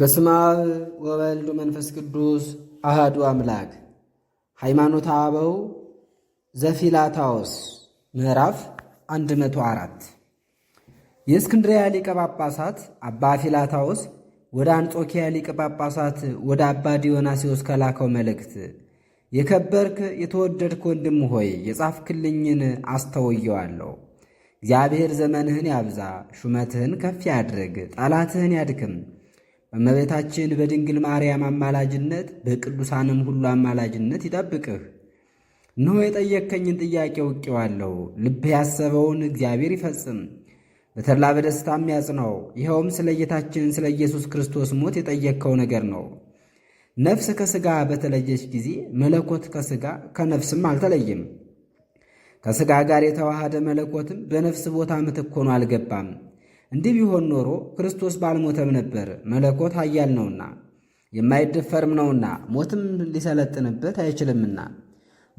በስመ አብ ወወልድ መንፈስ ቅዱስ አህዱ አምላክ። ሃይማኖተ አበው ዘፊላታዎስ ምዕራፍ 104 የእስክንድሪያ ሊቀ ጳጳሳት አባ ፊላታዎስ ወደ አንጾኪያ ሊቀ ጳጳሳት ወደ አባ ዲዮናሲዎስ ከላከው መልእክት የከበርክ የተወደድክ ወንድም ሆይ የጻፍክልኝን አስተውየዋለሁ። እግዚአብሔር ዘመንህን ያብዛ፣ ሹመትህን ከፍ ያድርግ፣ ጠላትህን ያድክም እመቤታችን በድንግል ማርያም አማላጅነት በቅዱሳንም ሁሉ አማላጅነት ይጠብቅህ። እነሆ የጠየከኝን ጥያቄ ውቄዋለሁ። ልብ ያሰበውን እግዚአብሔር ይፈጽም፣ በተድላ በደስታም ያጽነው ይኸውም ስለ ጌታችን ስለ ኢየሱስ ክርስቶስ ሞት የጠየከው ነገር ነው። ነፍስ ከሥጋ በተለየች ጊዜ መለኮት ከሥጋ ከነፍስም አልተለይም። ከሥጋ ጋር የተዋሃደ መለኮትም በነፍስ ቦታ ምትክ ሆኖ አልገባም። እንዲህ ቢሆን ኖሮ ክርስቶስ ባልሞተም ነበር፣ መለኮት ኃያል ነውና የማይደፈርም ነውና ሞትም ሊሰለጥንበት አይችልምና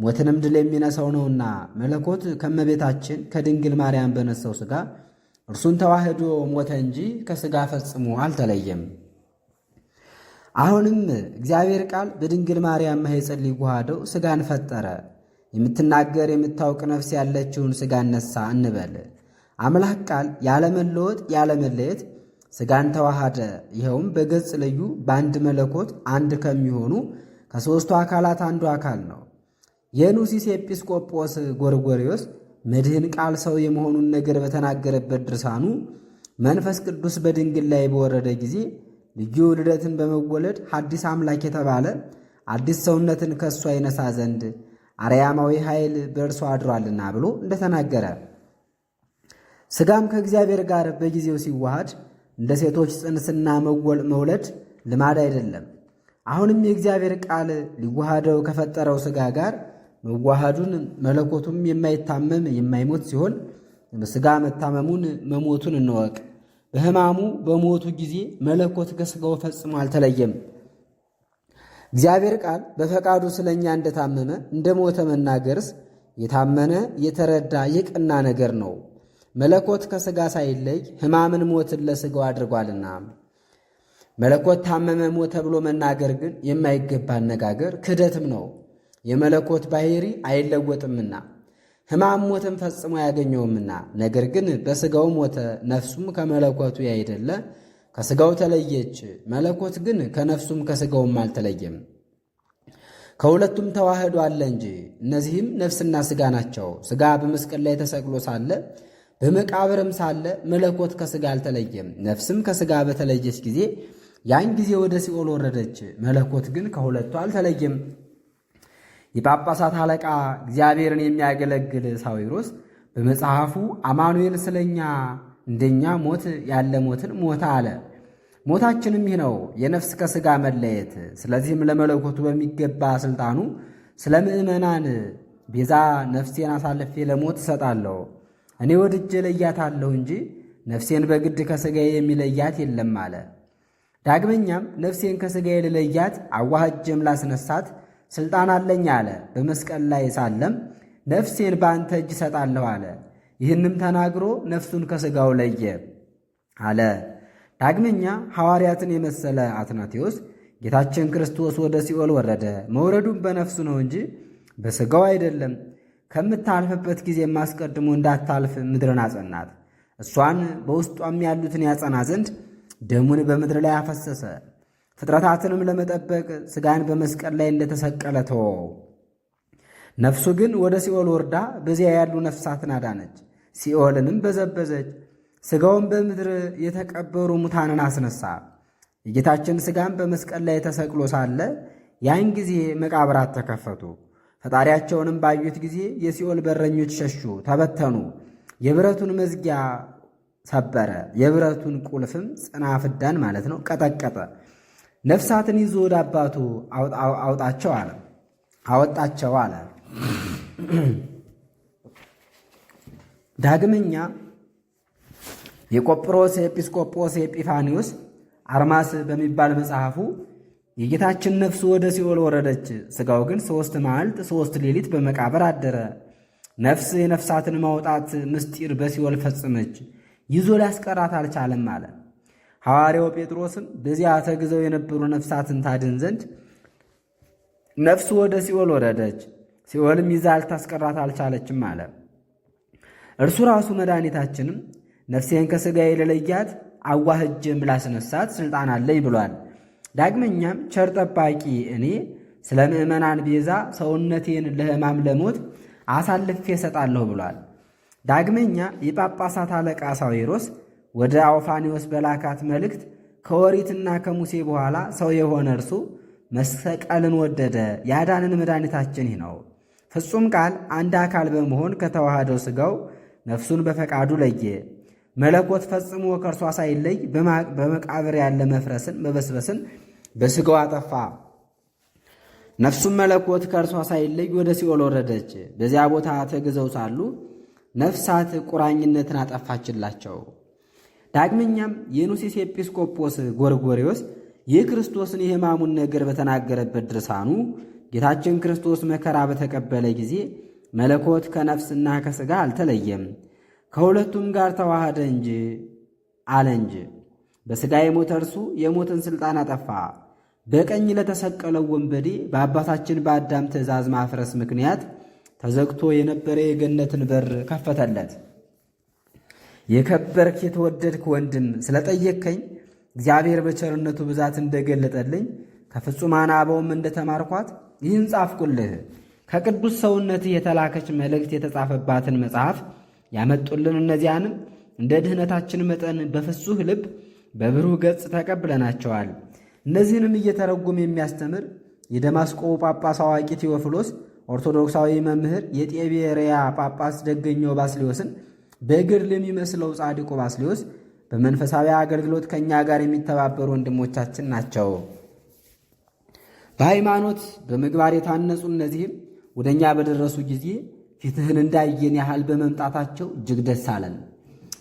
ሞትንም ድል የሚነሳው ነውና መለኮት ከመቤታችን ከድንግል ማርያም በነሳው ሥጋ እርሱን ተዋህዶ ሞተ እንጂ ከሥጋ ፈጽሞ አልተለየም። አሁንም እግዚአብሔር ቃል በድንግል ማርያም ማኅፀን ሊዋሃደው ሥጋን ፈጠረ። የምትናገር የምታውቅ ነፍስ ያለችውን ሥጋ ነሳ እንበል። አምላክ ቃል ያለመለወጥ ያለመለየት ሥጋን ተዋሃደ። ይኸውም በገጽ ልዩ በአንድ መለኮት አንድ ከሚሆኑ ከሦስቱ አካላት አንዱ አካል ነው። የኑሲስ ኤጲስቆጶስ ጎርጎሪዎስ መድህን ቃል ሰው የመሆኑን ነገር በተናገረበት ድርሳኑ መንፈስ ቅዱስ በድንግል ላይ በወረደ ጊዜ ልዩ ልደትን በመወለድ ሐዲስ አምላክ የተባለ አዲስ ሰውነትን ከእሷ ይነሳ ዘንድ አርያማዊ ኃይል በእርሷ አድሯልና ብሎ እንደተናገረ ሥጋም ከእግዚአብሔር ጋር በጊዜው ሲዋሃድ እንደ ሴቶች ጽንስና መውለድ ልማድ አይደለም። አሁንም የእግዚአብሔር ቃል ሊዋሃደው ከፈጠረው ሥጋ ጋር መዋሃዱን መለኮቱም የማይታመም የማይሞት ሲሆን ሥጋ መታመሙን መሞቱን እንወቅ። በሕማሙ በሞቱ ጊዜ መለኮት ከሥጋው ፈጽሞ አልተለየም። እግዚአብሔር ቃል በፈቃዱ ስለ እኛ እንደታመመ እንደ ሞተ መናገርስ የታመነ የተረዳ የቀና ነገር ነው። መለኮት ከሥጋ ሳይለይ ሕማምን ሞትን ለሥጋው አድርጓልና መለኮት ታመመ ሞተ ብሎ መናገር ግን የማይገባ አነጋገር ክህደትም ነው። የመለኮት ባሕሪ አይለወጥምና ሕማም ሞትን ፈጽሞ አያገኘውምና፣ ነገር ግን በሥጋው ሞተ፣ ነፍሱም ከመለኮቱ ያይደለ ከሥጋው ተለየች። መለኮት ግን ከነፍሱም ከሥጋውም አልተለየም፣ ከሁለቱም ተዋህዶ አለ እንጂ። እነዚህም ነፍስና ሥጋ ናቸው። ሥጋ በመስቀል ላይ ተሰቅሎ ሳለ በመቃብርም ሳለ መለኮት ከሥጋ አልተለየም። ነፍስም ከሥጋ በተለየች ጊዜ ያን ጊዜ ወደ ሲኦል ወረደች። መለኮት ግን ከሁለቱ አልተለየም። የጳጳሳት አለቃ እግዚአብሔርን የሚያገለግል ሳዊሮስ በመጽሐፉ አማኑኤል ስለኛ እንደኛ ሞት ያለ ሞትን ሞታ አለ። ሞታችንም ይህ ነው፣ የነፍስ ከሥጋ መለየት። ስለዚህም ለመለኮቱ በሚገባ ሥልጣኑ ስለ ምእመናን ቤዛ ነፍሴን አሳልፌ ለሞት እሰጣለሁ እኔ ወድጄ ለያታለሁ እንጂ ነፍሴን በግድ ከሥጋዬ የሚለያት የለም አለ። ዳግመኛም ነፍሴን ከሥጋዬ ልለያት አዋህጄም ላስነሳት ሥልጣን አለኝ አለ። በመስቀል ላይ ሳለም ነፍሴን በአንተ እጅ እሰጣለሁ አለ። ይህንም ተናግሮ ነፍሱን ከሥጋው ለየ አለ። ዳግመኛ ሐዋርያትን የመሰለ አትናቴዎስ ጌታችን ክርስቶስ ወደ ሲኦል ወረደ። መውረዱም በነፍሱ ነው እንጂ በሥጋው አይደለም። ከምታልፍበት ጊዜ አስቀድሞ እንዳታልፍ ምድርን አጸናት። እሷን በውስጧም ያሉትን ያጸና ዘንድ ደሙን በምድር ላይ አፈሰሰ። ፍጥረታትንም ለመጠበቅ ሥጋን በመስቀል ላይ እንደተሰቀለ ተወው። ነፍሱ ግን ወደ ሲኦል ወርዳ በዚያ ያሉ ነፍሳትን አዳነች፣ ሲኦልንም በዘበዘች። ሥጋውን በምድር የተቀበሩ ሙታንን አስነሳ። የጌታችን ሥጋን በመስቀል ላይ ተሰቅሎ ሳለ ያን ጊዜ መቃብራት ተከፈቱ። ፈጣሪያቸውንም ባዩት ጊዜ የሲኦል በረኞች ሸሹ፣ ተበተኑ። የብረቱን መዝጊያ ሰበረ፣ የብረቱን ቁልፍም ጽናፍዳን ማለት ነው ቀጠቀጠ። ነፍሳትን ይዞ ወደ አባቱ አውጣቸው አለ አወጣቸው አለ። ዳግመኛ የቆጵሮስ ኤጲስቆጶስ ኤጲፋኒዎስ አርማስ በሚባል መጽሐፉ የጌታችን ነፍስ ወደ ሲኦል ወረደች። ሥጋው ግን ሦስት መዓልት ሦስት ሌሊት በመቃብር አደረ። ነፍስ የነፍሳትን ማውጣት ምስጢር በሲኦል ፈጽመች። ይዞ ሊያስቀራት አልቻለም አለ። ሐዋርያው ጴጥሮስም በዚያ ተግዘው የነበሩ ነፍሳትን ታድን ዘንድ ነፍሱ ወደ ሲኦል ወረደች፣ ሲኦልም ይዛ ልታስቀራት አልቻለችም አለ። እርሱ ራሱ መድኃኒታችንም ነፍሴን ከሥጋ የለለያት አዋህጄም ላስነሳት ሥልጣን አለኝ ብሏል። ዳግመኛም ቸር ጠባቂ እኔ ስለ ምእመናን ቤዛ ሰውነቴን ለሕማም ለሞት አሳልፌ እሰጣለሁ ብሏል። ዳግመኛ የጳጳሳት አለቃ ሳዊሮስ ወደ አውፋኒዎስ በላካት መልእክት ከወሪትና ከሙሴ በኋላ ሰው የሆነ እርሱ መሰቀልን ወደደ። ያዳንን መድኃኒታችን ይህ ነው። ፍጹም ቃል አንድ አካል በመሆን ከተዋህደው ሥጋው ነፍሱን በፈቃዱ ለየ። መለኮት ፈጽሞ ከእርሷ ሳይለይ በመቃብር ያለ መፍረስን መበስበስን በስጋው አጠፋ። ነፍሱም መለኮት ከእርሷ ሳይለይ ወደ ሲኦል ወረደች። በዚያ ቦታ ተግዘው ሳሉ ነፍሳት ቁራኝነትን አጠፋችላቸው። ዳግመኛም የኑሲስ ኤጲስቆጶስ ጎርጎሬዎስ የክርስቶስን የሕማሙን ነገር በተናገረበት ድርሳኑ ጌታችን ክርስቶስ መከራ በተቀበለ ጊዜ መለኮት ከነፍስና ከሥጋ አልተለየም ከሁለቱም ጋር ተዋሃደ እንጂ አለ እንጂ በሥጋ የሞተ እርሱ የሞትን ሥልጣን አጠፋ። በቀኝ ለተሰቀለው ወንበዴ በአባታችን በአዳም ትእዛዝ ማፍረስ ምክንያት ተዘግቶ የነበረ የገነትን በር ከፈተለት። የከበርክ የተወደድክ ወንድም ስለጠየከኝ እግዚአብሔር በቸርነቱ ብዛት እንደገለጠልኝ ከፍጹማን አበውም እንደተማርኳት ይህን ጻፍቁልህ። ከቅዱስ ሰውነትህ የተላከች መልእክት የተጻፈባትን መጽሐፍ ያመጡልን እነዚያንም እንደ ድህነታችን መጠን በፍጹህ ልብ በብሩህ ገጽ ተቀብለናቸዋል። እነዚህንም እየተረጎመ የሚያስተምር የደማስቆ ጳጳስ አዋቂ ቴዎፍሎስ ኦርቶዶክሳዊ መምህር የጤቤሪያ ጳጳስ ደገኛው ባስሌዎስን በእግር ለሚመስለው ጻድቁ ባስሌዎስ በመንፈሳዊ አገልግሎት ከእኛ ጋር የሚተባበሩ ወንድሞቻችን ናቸው። በሃይማኖት በምግባር የታነጹ እነዚህም ወደ እኛ በደረሱ ጊዜ ፊትህን እንዳየን ያህል በመምጣታቸው እጅግ ደስ አለን።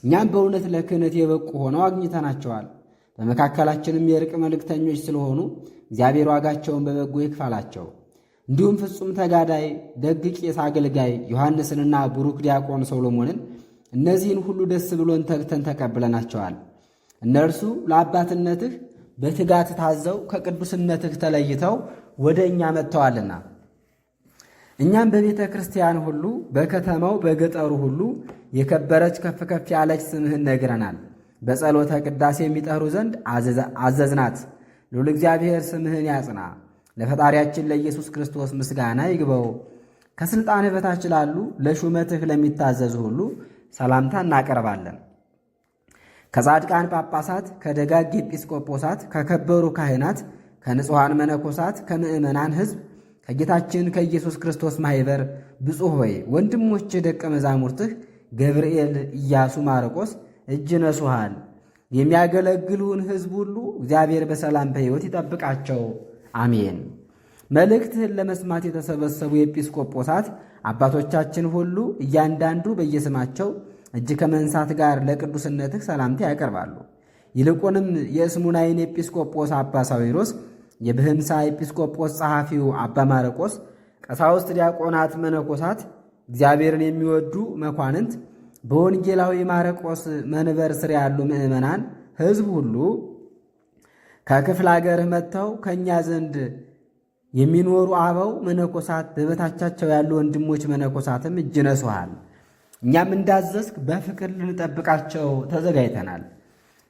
እኛም በእውነት ለክህነት የበቁ ሆነው አግኝተናቸዋል። በመካከላችንም የእርቅ መልእክተኞች ስለሆኑ እግዚአብሔር ዋጋቸውን በበጎ ይክፈላቸው። እንዲሁም ፍጹም ተጋዳይ ደግ ቄስ አገልጋይ ዮሐንስንና ብሩክ ዲያቆን ሶሎሞንን እነዚህን ሁሉ ደስ ብሎን ተግተን ተቀብለናቸዋል። እነርሱ ለአባትነትህ በትጋት ታዘው ከቅዱስነትህ ተለይተው ወደ እኛ መጥተዋልና እኛም በቤተ ክርስቲያን ሁሉ በከተማው በገጠሩ ሁሉ የከበረች ከፍ ከፍ ያለች ስምህን ነግረናል። በጸሎተ ቅዳሴ የሚጠሩ ዘንድ አዘዝናት። ልዑል እግዚአብሔር ስምህን ያጽና፣ ለፈጣሪያችን ለኢየሱስ ክርስቶስ ምስጋና ይግባው። ከሥልጣንህ በታች ላሉ ለሹመትህ ለሚታዘዙ ሁሉ ሰላምታ እናቀርባለን። ከጻድቃን ጳጳሳት፣ ከደጋግ ኤጲስቆጶሳት፣ ከከበሩ ካህናት፣ ከንጹሐን መነኮሳት፣ ከምዕመናን ሕዝብ ከጌታችን ከኢየሱስ ክርስቶስ ማኅበር ብፁሕ ሆይ ወንድሞች ደቀ መዛሙርትህ ገብርኤል፣ ኢያሱ፣ ማርቆስ እጅ ነሱሃል። የሚያገለግሉን ሕዝብ ሁሉ እግዚአብሔር በሰላም በሕይወት ይጠብቃቸው፣ አሜን። መልእክትህን ለመስማት የተሰበሰቡ የኤጲስቆጶሳት አባቶቻችን ሁሉ እያንዳንዱ በየስማቸው እጅ ከመንሳት ጋር ለቅዱስነትህ ሰላምታ ያቀርባሉ። ይልቁንም የእስሙናይን ኤጲስቆጶስ አባ ሳዊሮስ፣ የብህምሳ ኤጲስቆጶስ ጸሐፊው አባ ማረቆስ፣ ቀሳውስት፣ ዲያቆናት፣ መነኮሳት፣ እግዚአብሔርን የሚወዱ መኳንንት በወንጌላዊ ማረቆስ መንበር ስር ያሉ ምዕመናን ሕዝብ ሁሉ ከክፍለ አገር መጥተው ከእኛ ዘንድ የሚኖሩ አበው መነኮሳት በበታቻቸው ያሉ ወንድሞች መነኮሳትም እጅ እኛም እንዳዘዝክ በፍቅር ልንጠብቃቸው ተዘጋጅተናል።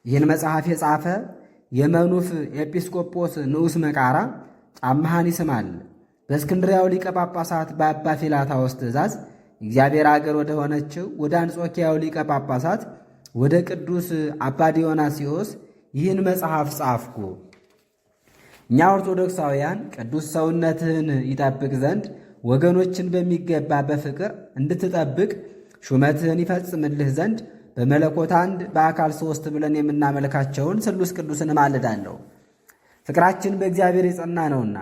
ይህን መጽሐፍ የጻፈ የመኑፍ ኤጲስቆጶስ ንዑስ መቃራ ጫማሃን ይስማል በእስክንድሪያው ሊቀ ጳጳሳት በአባ ፊላታዎስ ትእዛዝ እግዚአብሔር አገር ወደ ሆነችው ወደ አንጾኪያው ሊቀ ጳጳሳት ወደ ቅዱስ አባ ዲዮናስዮስ ይህን መጽሐፍ ጻፍኩ። እኛ ኦርቶዶክሳውያን ቅዱስ ሰውነትህን ይጠብቅ ዘንድ ወገኖችን በሚገባ በፍቅር እንድትጠብቅ ሹመትህን ይፈጽምልህ ዘንድ በመለኮት አንድ በአካል ሶስት ብለን የምናመልካቸውን ስሉስ ቅዱስን እማልዳለሁ። ፍቅራችን በእግዚአብሔር የጸና ነውና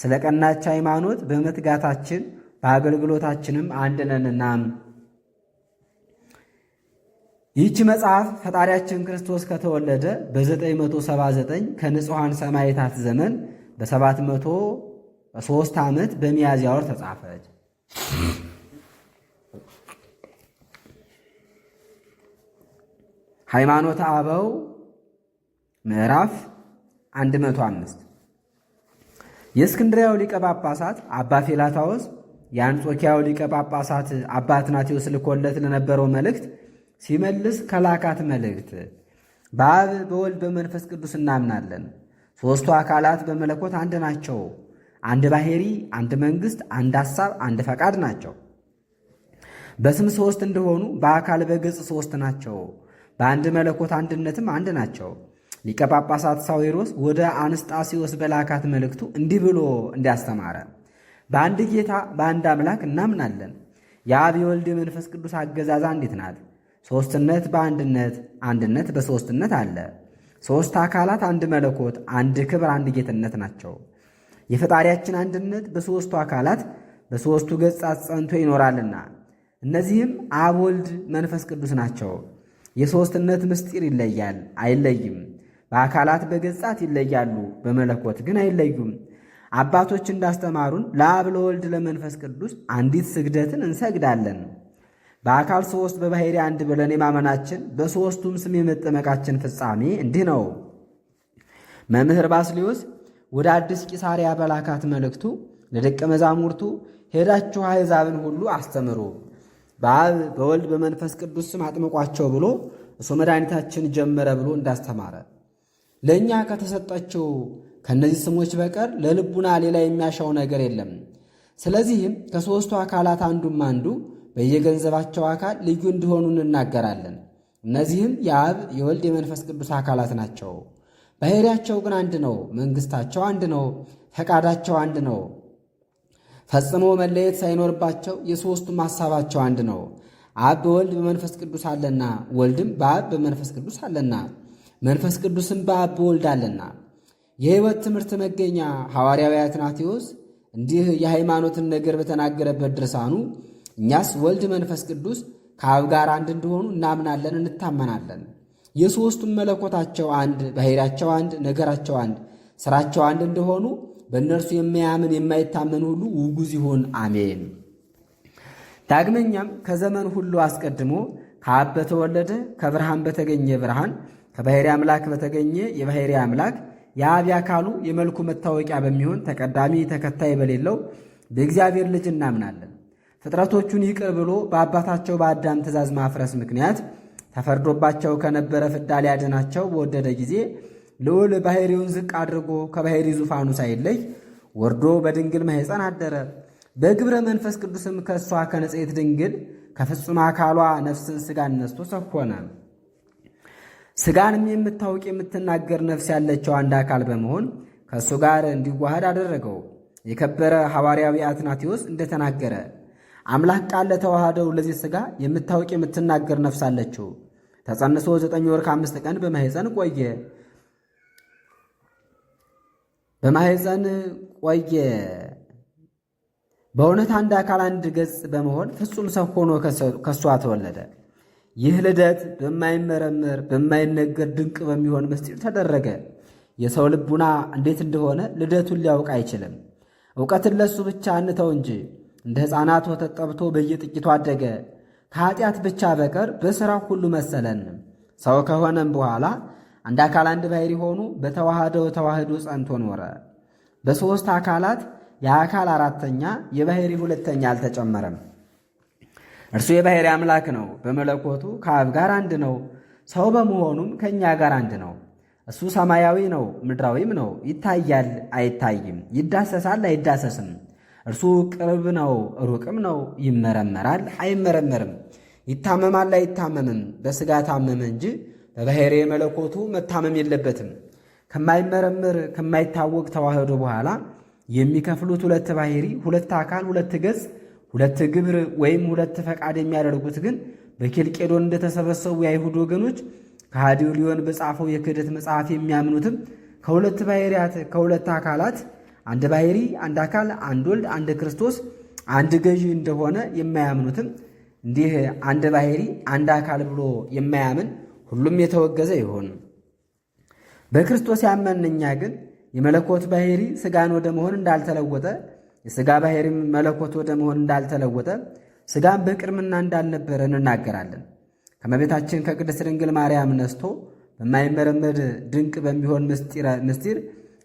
ስለ ቀናች ሃይማኖት በመትጋታችን በአገልግሎታችንም አንድ ነንና ይህቺ መጽሐፍ ፈጣሪያችን ክርስቶስ ከተወለደ በ979 ከንጹሐን ሰማዕታት ዘመን በ703 ዓመት በሚያዝያ ወር ተጻፈች። ሃይማኖተ አበው ምዕራፍ 105 የእስክንድሪያው ሊቀ ጳጳሳት አባ ፊላታዎስ የአንጾኪያው ሊቀ ጳጳሳት አባ አትናቴዎስ ልኮለት ለነበረው መልእክት ሲመልስ ከላካት መልእክት በአብ በወልድ በመንፈስ ቅዱስ እናምናለን። ሦስቱ አካላት በመለኮት አንድ ናቸው። አንድ ባሕሪ፣ አንድ መንግሥት፣ አንድ ሐሳብ፣ አንድ ፈቃድ ናቸው። በስም ሦስት እንደሆኑ በአካል በገጽ ሦስት ናቸው። በአንድ መለኮት አንድነትም አንድ ናቸው። ሊቀ ጳጳሳት ሳዊሮስ ወደ አንስጣሴዎስ በላካት መልእክቱ እንዲህ ብሎ እንዲያስተማረ በአንድ ጌታ በአንድ አምላክ እናምናለን። የአብ የወልድ የመንፈስ ቅዱስ አገዛዝ አንዲት ናት። ሦስትነት በአንድነት አንድነት በሦስትነት አለ። ሦስት አካላት አንድ መለኮት፣ አንድ ክብር፣ አንድ ጌትነት ናቸው። የፈጣሪያችን አንድነት በሦስቱ አካላት በሦስቱ ገጻት ጸንቶ ይኖራልና እነዚህም አብ፣ ወልድ፣ መንፈስ ቅዱስ ናቸው። የሦስትነት ምስጢር ይለያል አይለይም። በአካላት በገጻት ይለያሉ፣ በመለኮት ግን አይለዩም። አባቶች እንዳስተማሩን ለአብ ለወልድ ለመንፈስ ቅዱስ አንዲት ስግደትን እንሰግዳለን። በአካል ሦስት በባሕሪ አንድ ብለን የማመናችን በሦስቱም ስም የመጠመቃችን ፍጻሜ እንዲህ ነው። መምህር ባስልዮስ ወደ አዲስ ቂሳሪያ በላካት መልእክቱ ለደቀ መዛሙርቱ ሄዳችሁ አሕዛብን ሁሉ አስተምሩ በአብ በወልድ በመንፈስ ቅዱስ ስም አጥምቋቸው ብሎ እሱ መድኃኒታችን ጀመረ ብሎ እንዳስተማረ ለእኛ ከተሰጠችው ከእነዚህ ስሞች በቀር ለልቡና ሌላ የሚያሻው ነገር የለም። ስለዚህም ከሦስቱ አካላት አንዱም አንዱ በየገንዘባቸው አካል ልዩ እንዲሆኑ እንናገራለን። እነዚህም የአብ የወልድ የመንፈስ ቅዱስ አካላት ናቸው። ባሕርያቸው ግን አንድ ነው። መንግሥታቸው አንድ ነው። ፈቃዳቸው አንድ ነው። ፈጽሞ መለየት ሳይኖርባቸው የሦስቱም ሐሳባቸው አንድ ነው። አብ በወልድ በመንፈስ ቅዱስ አለና፣ ወልድም በአብ በመንፈስ ቅዱስ አለና፣ መንፈስ ቅዱስም በአብ በወልድ አለና የሕይወት ትምህርት መገኛ ሐዋርያዊ አትናቴዎስ እንዲህ የሃይማኖትን ነገር በተናገረበት ድርሳኑ እኛስ ወልድ መንፈስ ቅዱስ ከአብ ጋር አንድ እንደሆኑ እናምናለን፣ እንታመናለን። የሦስቱም መለኮታቸው አንድ፣ ባሕርያቸው አንድ፣ ነገራቸው አንድ፣ ሥራቸው አንድ እንደሆኑ በእነርሱ የማያምን የማይታመን ሁሉ ውጉዝ ይሆን፣ አሜን። ዳግመኛም ከዘመን ሁሉ አስቀድሞ ከአብ በተወለደ ከብርሃን በተገኘ ብርሃን ከባሕርይ አምላክ በተገኘ የባሕርይ አምላክ የአብ አካሉ የመልኩ መታወቂያ በሚሆን ተቀዳሚ ተከታይ በሌለው በእግዚአብሔር ልጅ እናምናለን። ፍጥረቶቹን ይቅር ብሎ በአባታቸው በአዳም ትእዛዝ ማፍረስ ምክንያት ተፈርዶባቸው ከነበረ ፍዳ ሊያድናቸው በወደደ ጊዜ ልዑል ባሕሪውን ዝቅ አድርጎ ከባሕሪ ዙፋኑ ሳይለይ ወርዶ በድንግል ማኅፀን አደረ። በግብረ መንፈስ ቅዱስም ከእሷ ከንጽሕት ድንግል ከፍጹም አካሏ ነፍስን ሥጋን ነስቶ ሰኮነ። ሥጋንም የምታውቅ የምትናገር ነፍስ ያለችው አንድ አካል በመሆን ከእሱ ጋር እንዲዋሃድ አደረገው። የከበረ ሐዋርያዊ አትናቴዎስ እንደተናገረ አምላክ ቃል ለተዋሃደው ለዚህ ሥጋ የምታውቅ የምትናገር ነፍስ አለችው። ተጸንሶ ዘጠኝ ወር ከአምስት ቀን በማሕፀን ቆየ በማሕፀን ቆየ። በእውነት አንድ አካል አንድ ገጽ በመሆን ፍጹም ሰው ሆኖ ከእሷ ተወለደ። ይህ ልደት በማይመረመር በማይነገር ድንቅ በሚሆን ምስጢር ተደረገ። የሰው ልቡና እንዴት እንደሆነ ልደቱን ሊያውቅ አይችልም። እውቀትን ለሱ ብቻ እንተው እንጂ እንደ ሕፃናት ወተት ጠብቶ በየጥቂቱ አደገ። ከኃጢአት ብቻ በቀር በሥራ ሁሉ መሰለንም። ሰው ከሆነም በኋላ አንድ አካል አንድ ባሕርይ ሆኑ በተዋህደው ተዋህዶ ጸንቶ ኖረ። በሦስት አካላት የአካል አራተኛ የባሕርይ ሁለተኛ አልተጨመረም። እርሱ የባሕርይ አምላክ ነው። በመለኮቱ ከአብ ጋር አንድ ነው። ሰው በመሆኑም ከእኛ ጋር አንድ ነው። እሱ ሰማያዊ ነው፣ ምድራዊም ነው። ይታያል፣ አይታይም። ይዳሰሳል፣ አይዳሰስም። እርሱ ቅርብ ነው፣ ሩቅም ነው። ይመረመራል፣ አይመረመርም። ይታመማል፣ አይታመምም። በሥጋ ታመመ እንጂ በባሕርይ መለኮቱ መታመም የለበትም። ከማይመረምር ከማይታወቅ ተዋህዶ በኋላ የሚከፍሉት ሁለት ባሕርይ፣ ሁለት አካል፣ ሁለት ገጽ ሁለት ግብር ወይም ሁለት ፈቃድ የሚያደርጉት ግን በኬልቄዶን እንደተሰበሰቡ የአይሁድ ወገኖች ከሃዲው ሊሆን በጻፈው የክህደት መጽሐፍ የሚያምኑትም ከሁለት ባሕርያት ከሁለት አካላት አንድ ባሕሪ፣ አንድ አካል፣ አንድ ወልድ፣ አንድ ክርስቶስ፣ አንድ ገዢ እንደሆነ የማያምኑትም እንዲህ አንድ ባሕሪ፣ አንድ አካል ብሎ የማያምን ሁሉም የተወገዘ ይሆን። በክርስቶስ ያመንኛ ግን የመለኮት ባሕሪ ሥጋን ወደ መሆን እንዳልተለወጠ የሥጋ ባሕሪም መለኮት ወደ መሆን እንዳልተለወጠ ሥጋም በቅድምና እንዳልነበረ እንናገራለን። ከመቤታችን ከቅድስት ድንግል ማርያም ነስቶ በማይመረመድ ድንቅ በሚሆን ምስጢር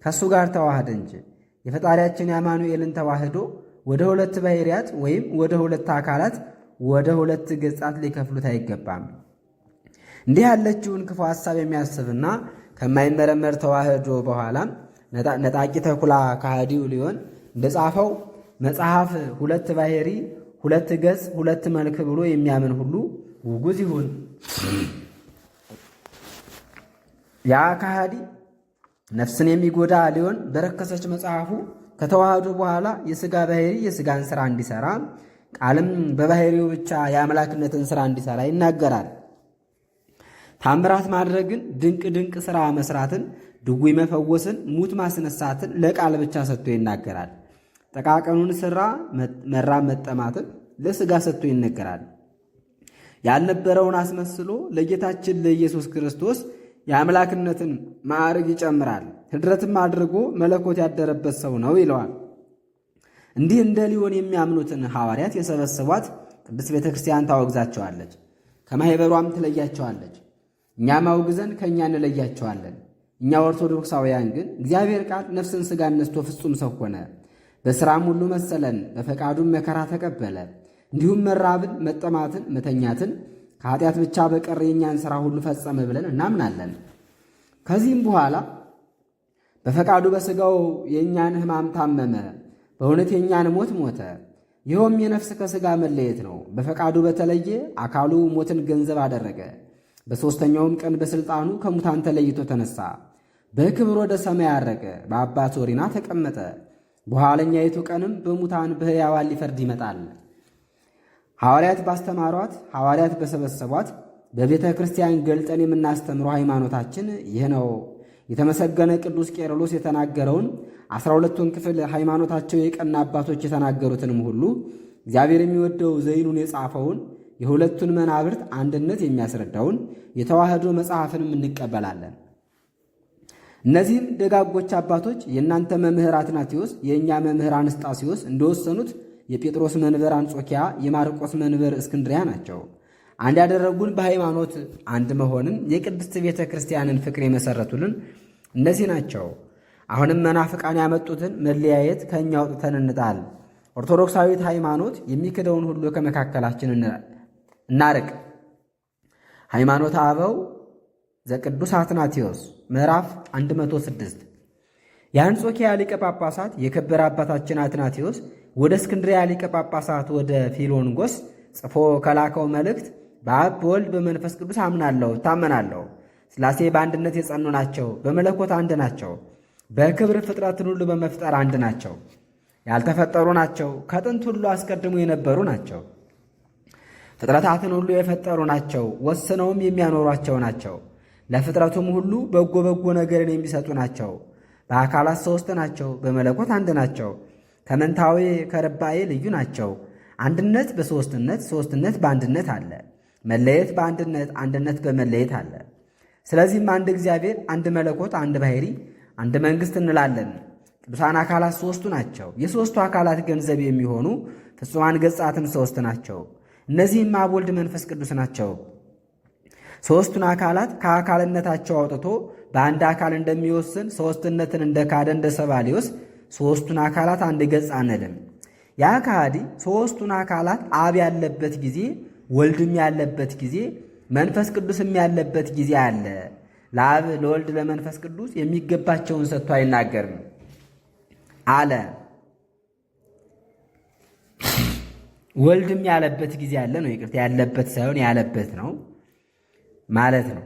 ከእሱ ጋር ተዋህደ እንጂ የፈጣሪያችን የአማኑኤልን ተዋህዶ ወደ ሁለት ባሕርያት ወይም ወደ ሁለት አካላት ወደ ሁለት ገጻት ሊከፍሉት አይገባም። እንዲህ ያለችውን ክፉ ሐሳብ የሚያስብና ከማይመረመር ተዋህዶ በኋላም ነጣቂ ተኩላ ከሃዲው ሊሆን ጻፈው መጽሐፍ ሁለት ባሕሪ ሁለት ገጽ ሁለት መልክ ብሎ የሚያምን ሁሉ ውጉዝ ይሁን። ያ ከሃዲ ነፍስን የሚጎዳ ሊሆን በረከሰች መጽሐፉ ከተዋህዶ በኋላ የሥጋ ባሕሪ የሥጋን ሥራ እንዲሠራ ቃልም በባሕሪው ብቻ የአምላክነትን ሥራ እንዲሠራ ይናገራል። ታምራት ማድረግን፣ ድንቅ ድንቅ ሥራ መሥራትን፣ ድውይ መፈወስን፣ ሙት ማስነሳትን ለቃል ብቻ ሰጥቶ ይናገራል። ጠቃቀኑን ስራ መራ መጠማትን ለስጋ ሰጥቶ ይነገራል። ያልነበረውን አስመስሎ ለጌታችን ለኢየሱስ ክርስቶስ የአምላክነትን ማዕረግ ይጨምራል። ህድረትም አድርጎ መለኮት ያደረበት ሰው ነው ይለዋል። እንዲህ እንደ ሊሆን የሚያምኑትን ሐዋርያት የሰበሰቧት ቅድስት ቤተ ክርስቲያን ታወግዛቸዋለች፣ ከማኅበሯም ትለያቸዋለች። እኛም አውግዘን ከእኛ እንለያቸዋለን። እኛ ኦርቶዶክሳውያን ግን እግዚአብሔር ቃል ነፍስን ሥጋ ነስቶ ፍጹም ሰው ሆነ በሥራም ሁሉ መሰለን፣ በፈቃዱም መከራ ተቀበለ። እንዲሁም መራብን፣ መጠማትን፣ መተኛትን ከኃጢአት ብቻ በቀር የእኛን ሥራ ሁሉ ፈጸመ ብለን እናምናለን። ከዚህም በኋላ በፈቃዱ በሥጋው የእኛን ሕማም ታመመ፣ በእውነት የእኛን ሞት ሞተ። ይኸውም የነፍስ ከሥጋ መለየት ነው። በፈቃዱ በተለየ አካሉ ሞትን ገንዘብ አደረገ። በሦስተኛውም ቀን በሥልጣኑ ከሙታን ተለይቶ ተነሳ በክብር ወደ ሰማይ አረገ፣ በአባት ወሪና ተቀመጠ። በኋለኛይቱ ቀንም በሙታን በሕያዋን ሊፈርድ ይመጣል። ሐዋርያት ባስተማሯት፣ ሐዋርያት በሰበሰቧት በቤተ ክርስቲያን ገልጠን የምናስተምረው ሃይማኖታችን ይህ ነው። የተመሰገነ ቅዱስ ቄርሎስ የተናገረውን አስራ ሁለቱን ክፍል ሃይማኖታቸው የቀና አባቶች የተናገሩትንም ሁሉ እግዚአብሔር የሚወደው ዘይኑን የጻፈውን የሁለቱን መናብርት አንድነት የሚያስረዳውን የተዋህዶ መጽሐፍንም እንቀበላለን። እነዚህም ደጋጎች አባቶች የእናንተ መምህር አትናቴዎስ፣ የእኛ መምህር አንስጣሴዎስ እንደወሰኑት የጴጥሮስ መንበር አንጾኪያ፣ የማርቆስ መንበር እስክንድሪያ ናቸው። አንድ ያደረጉን በሃይማኖት አንድ መሆንን የቅድስት ቤተ ክርስቲያንን ፍቅር የመሰረቱልን እነዚህ ናቸው። አሁንም መናፍቃን ያመጡትን መለያየት ከእኛ ወጥተን እንጣል። ኦርቶዶክሳዊት ሃይማኖት የሚክደውን ሁሉ ከመካከላችን እናርቅ። ሃይማኖት አበው ዘቅዱስ አትናቴዎስ ምዕራፍ 106 የአንጾኪያ ሊቀ ጳጳሳት የከበረ አባታችን አትናቴዎስ ወደ እስክንድሪያ ሊቀ ጳጳሳት ወደ ፊሎንጎስ ጽፎ ከላከው መልእክት በአብ በወልድ በመንፈስ ቅዱስ አምናለሁ እታመናለሁ። ሥላሴ በአንድነት የጸኑ ናቸው፣ በመለኮት አንድ ናቸው፣ በክብር ፍጥረትን ሁሉ በመፍጠር አንድ ናቸው፣ ያልተፈጠሩ ናቸው፣ ከጥንት ሁሉ አስቀድሞ የነበሩ ናቸው፣ ፍጥረታትን ሁሉ የፈጠሩ ናቸው፣ ወስነውም የሚያኖሯቸው ናቸው ለፍጥረቱም ሁሉ በጎ በጎ ነገርን የሚሰጡ ናቸው። በአካላት ሦስት ናቸው፣ በመለኮት አንድ ናቸው። ከመንታዌ ከርባኤ ልዩ ናቸው። አንድነት በሦስትነት ሦስትነት በአንድነት አለ። መለየት በአንድነት አንድነት በመለየት አለ። ስለዚህም አንድ እግዚአብሔር፣ አንድ መለኮት፣ አንድ ባሕሪ፣ አንድ መንግሥት እንላለን። ቅዱሳን አካላት ሦስቱ ናቸው። የሦስቱ አካላት ገንዘብ የሚሆኑ ፍጹማን ገጻትም ሦስት ናቸው። እነዚህም አብ፣ ወልድ፣ መንፈስ ቅዱስ ናቸው። ሦስቱን አካላት ከአካልነታቸው አውጥቶ በአንድ አካል እንደሚወስን ሦስትነትን እንደ ካደ እንደ ሰባሊዮስ ሦስቱን አካላት አንድ ገጽ አንልም። ያ ከሃዲ ሦስቱን አካላት አብ ያለበት ጊዜ ወልድም ያለበት ጊዜ መንፈስ ቅዱስም ያለበት ጊዜ አለ። ለአብ ለወልድ ለመንፈስ ቅዱስ የሚገባቸውን ሰጥቶ አይናገርም አለ። ወልድም ያለበት ጊዜ አለ ነው። ይቅርታ ያለበት ሳይሆን ያለበት ነው። ማለት ነው።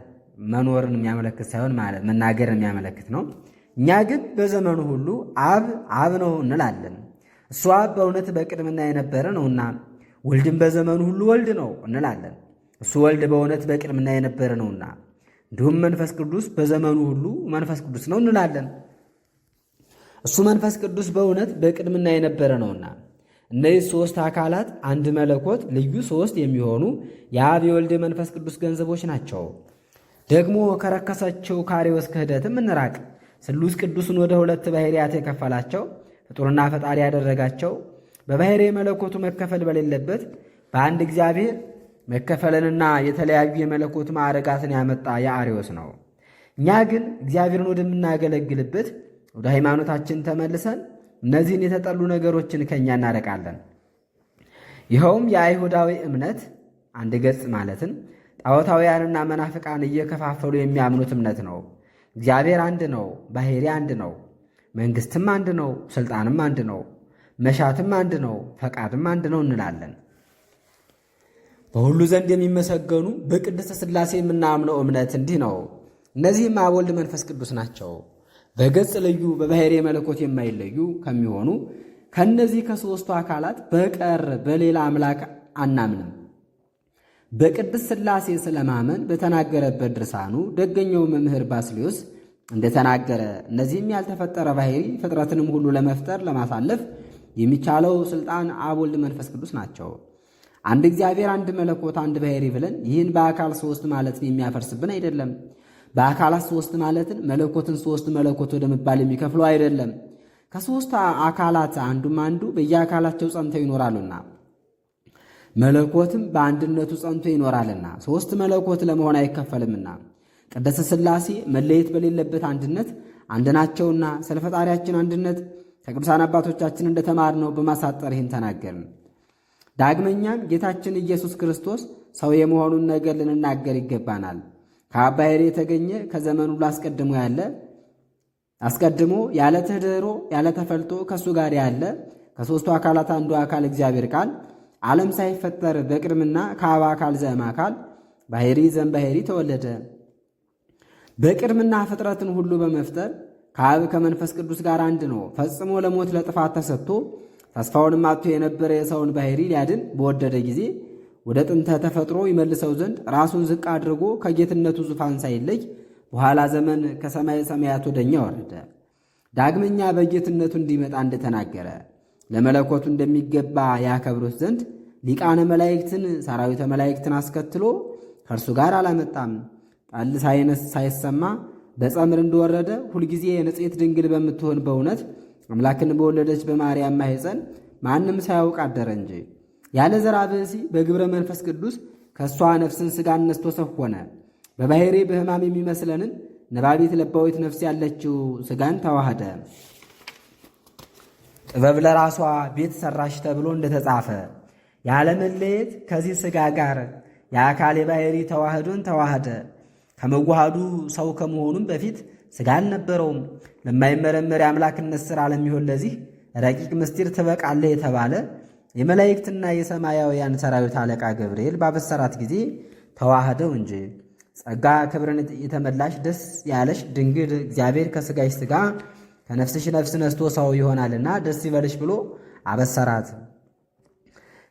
መኖርን የሚያመለክት ሳይሆን ማለት መናገርን የሚያመለክት ነው። እኛ ግን በዘመኑ ሁሉ አብ አብ ነው እንላለን። እሱ አብ በእውነት በቅድምና የነበረ ነውና፣ ወልድም በዘመኑ ሁሉ ወልድ ነው እንላለን። እሱ ወልድ በእውነት በቅድምና የነበረ ነውና፣ እንዲሁም መንፈስ ቅዱስ በዘመኑ ሁሉ መንፈስ ቅዱስ ነው እንላለን። እሱ መንፈስ ቅዱስ በእውነት በቅድምና የነበረ ነውና እነዚህ ሶስት አካላት አንድ መለኮት ልዩ ሶስት የሚሆኑ የአብ የወልድ መንፈስ ቅዱስ ገንዘቦች ናቸው። ደግሞ ከረከሰችው ካሪዎስ ክህደትም እንራቅ። ስሉስ ቅዱስን ወደ ሁለት ባሕርያት የከፈላቸው ፍጡርና ፈጣሪ ያደረጋቸው በባሕርየ መለኮቱ መከፈል በሌለበት በአንድ እግዚአብሔር መከፈልንና የተለያዩ የመለኮት ማዕረጋትን ያመጣ የአሪዎስ ነው። እኛ ግን እግዚአብሔርን ወደምናገለግልበት ወደ ሃይማኖታችን ተመልሰን እነዚህን የተጠሉ ነገሮችን ከእኛ እናርቃለን። ይኸውም የአይሁዳዊ እምነት አንድ ገጽ ማለትን ጣዖታውያንና መናፍቃን እየከፋፈሉ የሚያምኑት እምነት ነው። እግዚአብሔር አንድ ነው፣ ባሕሪ አንድ ነው፣ መንግሥትም አንድ ነው፣ ሥልጣንም አንድ ነው፣ መሻትም አንድ ነው፣ ፈቃድም አንድ ነው እንላለን። በሁሉ ዘንድ የሚመሰገኑ በቅድስተ ሥላሴ የምናምነው እምነት እንዲህ ነው። እነዚህም አብ፣ ወልድ፣ መንፈስ ቅዱስ ናቸው። በገጽ ልዩ በባሕርየ መለኮት የማይለዩ ከሚሆኑ ከእነዚህ ከሦስቱ አካላት በቀር በሌላ አምላክ አናምንም። በቅድስት ሥላሴ ስለማመን በተናገረበት ድርሳኑ ደገኛው መምህር ባስሊዮስ እንደተናገረ እነዚህም ያልተፈጠረ ባሕሪ ፍጥረትንም ሁሉ ለመፍጠር ለማሳለፍ የሚቻለው ሥልጣን አብ፣ ወልድ፣ መንፈስ ቅዱስ ናቸው። አንድ እግዚአብሔር፣ አንድ መለኮት፣ አንድ ባሕሪ ብለን ይህን በአካል ሦስት ማለትን የሚያፈርስብን አይደለም። በአካላት ሶስት ማለትን መለኮትን ሶስት መለኮት ወደመባል የሚከፍለው አይደለም። ከሶስት አካላት አንዱም አንዱ በየአካላቸው ጸንተው ይኖራሉና መለኮትም በአንድነቱ ጸንቶ ይኖራልና ሶስት መለኮት ለመሆን አይከፈልምና ቅድስተ ሥላሴ መለየት በሌለበት አንድነት አንድናቸውና ስለ ፈጣሪያችን አንድነት ከቅዱሳን አባቶቻችን እንደተማርነው በማሳጠር ይህን ተናገርን። ዳግመኛም ጌታችን ኢየሱስ ክርስቶስ ሰው የመሆኑን ነገር ልንናገር ይገባናል። ከአባ የተገኘ ከዘመኑ ሁሉ አስቀድሞ ያለ አስቀድሞ ያለ ተደሮ ያለ ተፈልጦ ከእሱ ጋር ያለ ከሦስቱ አካላት አንዱ አካል እግዚአብሔር ቃል ዓለም ሳይፈጠር በቅድምና ከአብ አካል ዘም አካል ባሕሪ ዘም ባሕሪ ተወለደ። በቅድምና ፍጥረትን ሁሉ በመፍጠር ከአብ ከመንፈስ ቅዱስ ጋር አንድ ነው። ፈጽሞ ለሞት ለጥፋት ተሰጥቶ ተስፋውንም አጥቶ የነበረ የሰውን ባሕሪ ሊያድን በወደደ ጊዜ ወደ ጥንተ ተፈጥሮ ይመልሰው ዘንድ ራሱን ዝቅ አድርጎ ከጌትነቱ ዙፋን ሳይለይ በኋላ ዘመን ከሰማይ ሰማያት ወደኛ ወረደ። ዳግመኛ በጌትነቱ እንዲመጣ እንደተናገረ ለመለኮቱ እንደሚገባ ያከብሩት ዘንድ ሊቃነ መላእክትን ሰራዊተ መላእክትን አስከትሎ ከእርሱ ጋር አላመጣም። ጣል ሳይነስ ሳይሰማ በጸምር እንደወረደ ሁልጊዜ የንጽሕት ድንግል በምትሆን በእውነት አምላክን በወለደች በማርያም ማኅፀን ማንም ሳያውቅ አደረ እንጂ ያለ ዘራ ብእሲ በግብረ መንፈስ ቅዱስ ከእሷ ነፍስን ስጋ ነስቶ ሰው ሆነ። በባሕሪ በሕማም የሚመስለንን ነባቢት ለባዊት ነፍስ ያለችው ሥጋን ተዋህደ። ጥበብ ለራሷ ቤት ሰራሽ ተብሎ እንደተጻፈ ያለመለየት ከዚህ ሥጋ ጋር የአካል የባሕሪ ተዋህዶን ተዋህደ። ከመዋሃዱ ሰው ከመሆኑም በፊት ሥጋ አልነበረውም። ለማይመረመር የአምላክነት ሥራ ለሚሆን ለዚህ ረቂቅ ምስጢር ትበቃለህ የተባለ የመላእክትና የሰማያውያን ሰራዊት አለቃ ገብርኤል ባበሰራት ጊዜ ተዋህደው እንጂ ጸጋ ክብርን የተመላሽ ደስ ያለሽ ድንግል እግዚአብሔር ከስጋሽ ስጋ ከነፍስሽ ነፍስ ነስቶ ሰው ይሆናልና ደስ ይበልሽ ብሎ አበሰራት።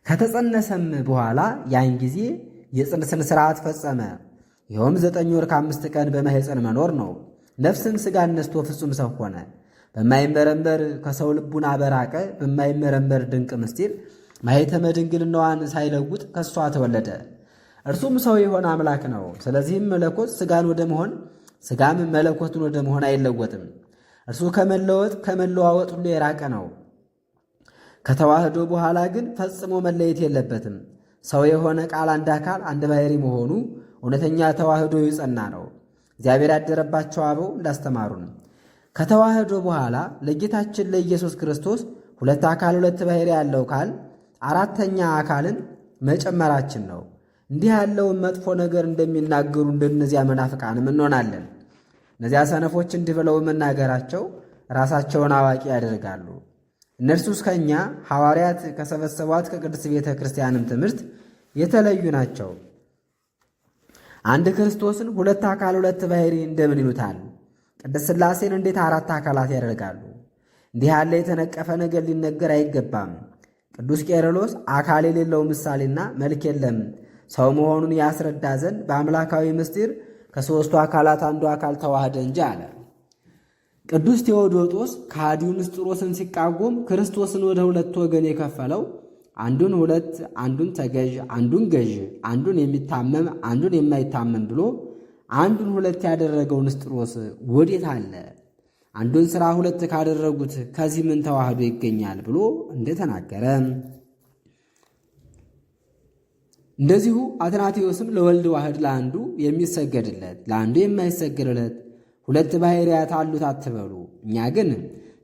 ከተጸነሰም በኋላ ያን ጊዜ የጽንስን ስርዓት ፈጸመ። ይኸውም ዘጠኝ ወር ከአምስት ቀን በማኅፀን መኖር ነው። ነፍስም ስጋ ነስቶ ፍጹም ሰው ሆነ። በማይመረመር ከሰው ልቡና በራቀ በማይመረመር ድንቅ ምስጢር ማኅተመ ድንግልናዋን ሳይለውጥ ከእሷ ተወለደ። እርሱም ሰው የሆነ አምላክ ነው። ስለዚህም መለኮት ሥጋን ወደ መሆን ሥጋም መለኮትን ወደ መሆን አይለወጥም። እርሱ ከመለወጥ ከመለዋወጥ ሁሉ የራቀ ነው። ከተዋህዶ በኋላ ግን ፈጽሞ መለየት የለበትም። ሰው የሆነ ቃል አንድ አካል አንድ ባሕሪ መሆኑ እውነተኛ ተዋህዶ ይጸና ነው። እግዚአብሔር ያደረባቸው አበው እንዳስተማሩን ከተዋህዶ በኋላ ለጌታችን ለኢየሱስ ክርስቶስ ሁለት አካል ሁለት ባሕሪ ያለው ቃል አራተኛ አካልን መጨመራችን ነው። እንዲህ ያለውን መጥፎ ነገር እንደሚናገሩ እንደነዚያ መናፍቃንም እንሆናለን። እነዚያ ሰነፎች እንዲህ ብለው መናገራቸው ራሳቸውን አዋቂ ያደርጋሉ። እነርሱስ ከእኛ ሐዋርያት ከሰበሰቧት ከቅድስት ቤተ ክርስቲያንም ትምህርት የተለዩ ናቸው። አንድ ክርስቶስን ሁለት አካል ሁለት ባሕሪ እንደምን ይሉታል? ቅድስት ሥላሴን እንዴት አራት አካላት ያደርጋሉ? እንዲህ ያለ የተነቀፈ ነገር ሊነገር አይገባም። ቅዱስ ቄርሎስ አካል የሌለው ምሳሌና መልክ የለም ሰው መሆኑን ያስረዳ ዘንድ በአምላካዊ ምስጢር ከሦስቱ አካላት አንዱ አካል ተዋህደ እንጂ አለ። ቅዱስ ቴዎዶጦስ ከሃዲው ምስጢሮስን ሲቃወም ክርስቶስን ወደ ሁለት ወገን የከፈለው አንዱን ሁለት፣ አንዱን ተገዥ፣ አንዱን ገዥ፣ አንዱን የሚታመም፣ አንዱን የማይታመም ብሎ አንዱን ሁለት ያደረገውን ንስጥሮስ ወዴት አለ? አንዱን ሥራ ሁለት ካደረጉት ከዚህ ምን ተዋህዶ ይገኛል ብሎ እንደተናገረ እንደዚሁ አትናቴዎስም ለወልድ ዋህድ ለአንዱ የሚሰገድለት ለአንዱ የማይሰገድለት ሁለት ባሕርያት አሉት አትበሉ። እኛ ግን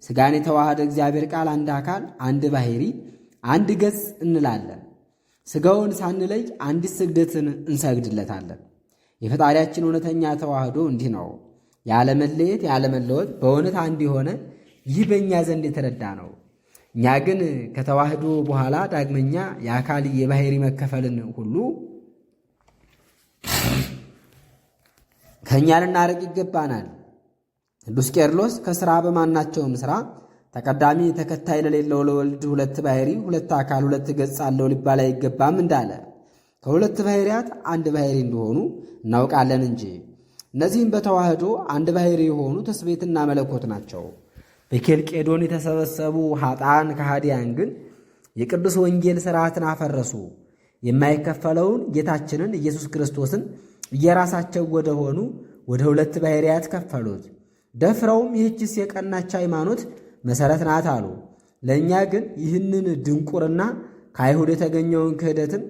ሥጋን የተዋህደ እግዚአብሔር ቃል አንድ አካል፣ አንድ ባሕሪ፣ አንድ ገጽ እንላለን። ሥጋውን ሳንለይ አንዲት ስግደትን እንሰግድለታለን። የፈጣሪያችን እውነተኛ ተዋህዶ እንዲህ ነው። ያለመለየት ያለመለወጥ በእውነት አንድ የሆነ ይህ በእኛ ዘንድ የተረዳ ነው። እኛ ግን ከተዋህዶ በኋላ ዳግመኛ የአካል የባህሪ መከፈልን ሁሉ ከእኛ ልናርቅ ይገባናል። ቅዱስ ቄርሎስ ከሥራ በማናቸውም ሥራ ተቀዳሚ ተከታይ ለሌለው ለወልድ ሁለት ባህሪ፣ ሁለት አካል፣ ሁለት ገጽ አለው ሊባል አይገባም እንዳለ ከሁለት ባሕርያት አንድ ባሕርይ እንደሆኑ እናውቃለን እንጂ። እነዚህም በተዋህዶ አንድ ባሕርይ የሆኑ ትስብእትና መለኮት ናቸው። በኬልቄዶን የተሰበሰቡ ሀጣን ከሃዲያን ግን የቅዱስ ወንጌል ሥርዓትን አፈረሱ። የማይከፈለውን ጌታችንን ኢየሱስ ክርስቶስን እየራሳቸው ወደ ሆኑ ወደ ሁለት ባሕርያት ከፈሉት። ደፍረውም ይህችስ የቀናች ሃይማኖት መሠረት ናት አሉ። ለእኛ ግን ይህንን ድንቁርና ከአይሁድ የተገኘውን ክህደትም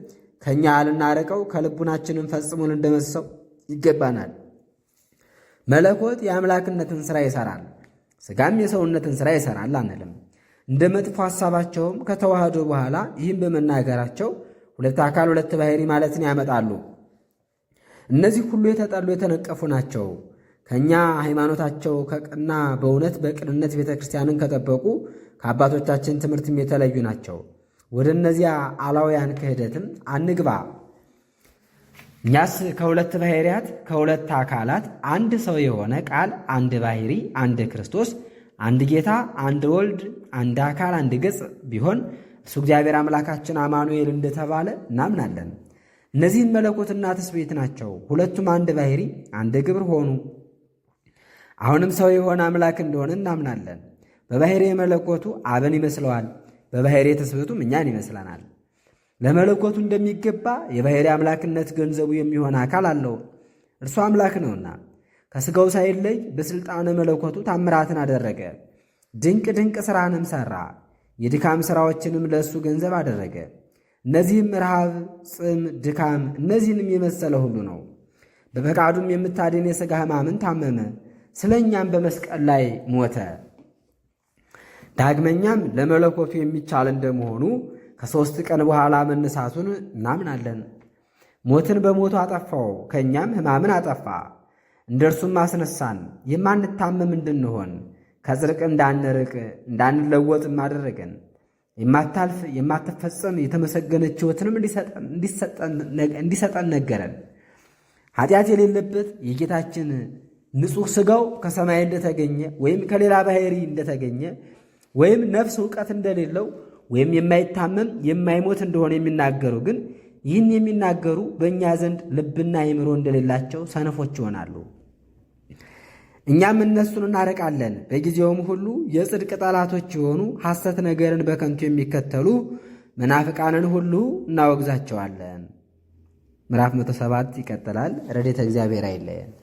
ከእኛ ልናርቀው ከልቡናችንን ፈጽሞ ልንደመስሰው ይገባናል። መለኮት የአምላክነትን ሥራ ይሠራል፣ ሥጋም የሰውነትን ሥራ ይሠራል አንልም። እንደ መጥፎ ሐሳባቸውም ከተዋህዶ በኋላ ይህም በመናገራቸው ሁለት አካል ሁለት ባሕሪ ማለትን ያመጣሉ። እነዚህ ሁሉ የተጠሉ የተነቀፉ ናቸው። ከእኛ ሃይማኖታቸው ከቅና በእውነት በቅንነት ቤተ ክርስቲያንን ከጠበቁ ከአባቶቻችን ትምህርትም የተለዩ ናቸው። ወደ እነዚያ አላውያን ክህደትም አንግባ። እኛስ ከሁለት ባሕርያት ከሁለት አካላት አንድ ሰው የሆነ ቃል፣ አንድ ባህሪ አንድ ክርስቶስ፣ አንድ ጌታ፣ አንድ ወልድ፣ አንድ አካል፣ አንድ ገጽ ቢሆን እርሱ እግዚአብሔር አምላካችን አማኑኤል እንደተባለ እናምናለን። እነዚህም መለኮትና ትስብእት ናቸው። ሁለቱም አንድ ባህሪ አንድ ግብር ሆኑ። አሁንም ሰው የሆነ አምላክ እንደሆነ እናምናለን። በባሕሪ መለኮቱ አብን ይመስለዋል በባሕርየ ትስብእቱም እኛን ይመስለናል። ለመለኮቱ እንደሚገባ የባሕርይ አምላክነት ገንዘቡ የሚሆን አካል አለው። እርሱ አምላክ ነውና ከሥጋው ሳይለይ በሥልጣነ መለኮቱ ታምራትን አደረገ። ድንቅ ድንቅ ሥራንም ሠራ። የድካም ሥራዎችንም ለእሱ ገንዘብ አደረገ። እነዚህም ረሃብ፣ ጽም፣ ድካም እነዚህንም የመሰለ ሁሉ ነው። በፈቃዱም የምታድን የሥጋ ሕማምን ታመመ። ስለ እኛም በመስቀል ላይ ሞተ። ዳግመኛም ለመለኮቱ የሚቻል እንደመሆኑ ከሦስት ቀን በኋላ መነሳቱን እናምናለን። ሞትን በሞቱ አጠፋው፣ ከእኛም ሕማምን አጠፋ። እንደ እርሱም አስነሳን፣ የማንታመም እንድንሆን ከጽድቅ እንዳንርቅ እንዳንለወጥም አደረገን። የማታልፍ የማትፈጸም የተመሰገነች ሕይወትንም እንዲሰጠን ነገረን። ኃጢአት የሌለበት የጌታችን ንጹሕ ሥጋው ከሰማይ እንደተገኘ ወይም ከሌላ ባሕሪ እንደተገኘ ወይም ነፍስ እውቀት እንደሌለው ወይም የማይታመም የማይሞት እንደሆነ የሚናገሩ ግን ይህን የሚናገሩ በእኛ ዘንድ ልብና አእምሮ እንደሌላቸው ሰነፎች ይሆናሉ። እኛም እነሱን እናርቃለን። በጊዜውም ሁሉ የጽድቅ ጠላቶች የሆኑ ሐሰት ነገርን በከንቱ የሚከተሉ መናፍቃንን ሁሉ እናወግዛቸዋለን። ምዕራፍ 107 ይቀጥላል። ረድኤተ እግዚአብሔር አይለየን።